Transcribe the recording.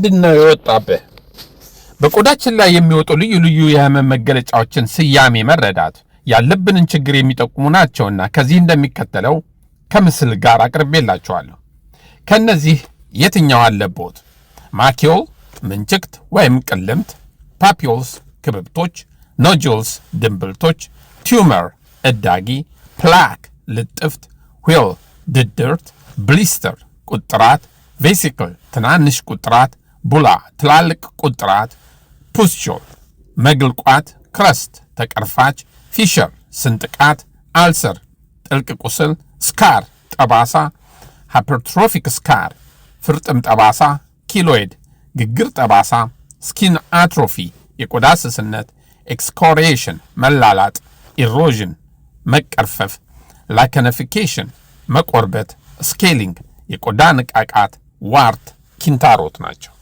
ምንድን ነው የወጣብህ? በቆዳችን ላይ የሚወጡ ልዩ ልዩ የህመም መገለጫዎችን ስያሜ መረዳት ያለብንን ችግር የሚጠቁሙ ናቸውና ከዚህ እንደሚከተለው ከምስል ጋር አቅርቤላችኋለሁ። ከእነዚህ የትኛው አለብዎት? ማኪዮል፣ ምንችክት ወይም ቅልምት፣ ፓፒዮልስ ክብብቶች፣ ኖጁልስ ድንብልቶች፣ ቲዩመር እዳጊ፣ ፕላክ ልጥፍት፣ ዌል ድድርት፣ ብሊስተር ቁጥራት፣ ቬሲክል ትናንሽ ቁጥራት፣ ቡላ፣ ትላልቅ ቁጥራት፣ ፑስቾል፣ መግልቋት፣ ክረስት፣ ተቀርፋች፣ ፊሸር፣ ስንጥቃት፣ አልሰር፣ ጥልቅ ቁስል፣ ስካር፣ ጠባሳ፣ ሃይፐርትሮፊክ ስካር፣ ፍርጥም ጠባሳ፣ ኪሎይድ፣ ግግር ጠባሳ፣ ስኪን አትሮፊ፣ የቆዳ ስስነት፣ ኤክስኮሪሽን፣ መላላጥ፣ ኢሮዥን፣ መቀርፈፍ፣ ላይከነፊኬሽን፣ መቆርበት፣ ስኬሊንግ፣ የቆዳ ንቃቃት፣ ዋርት፣ ኪንታሮት ናቸው።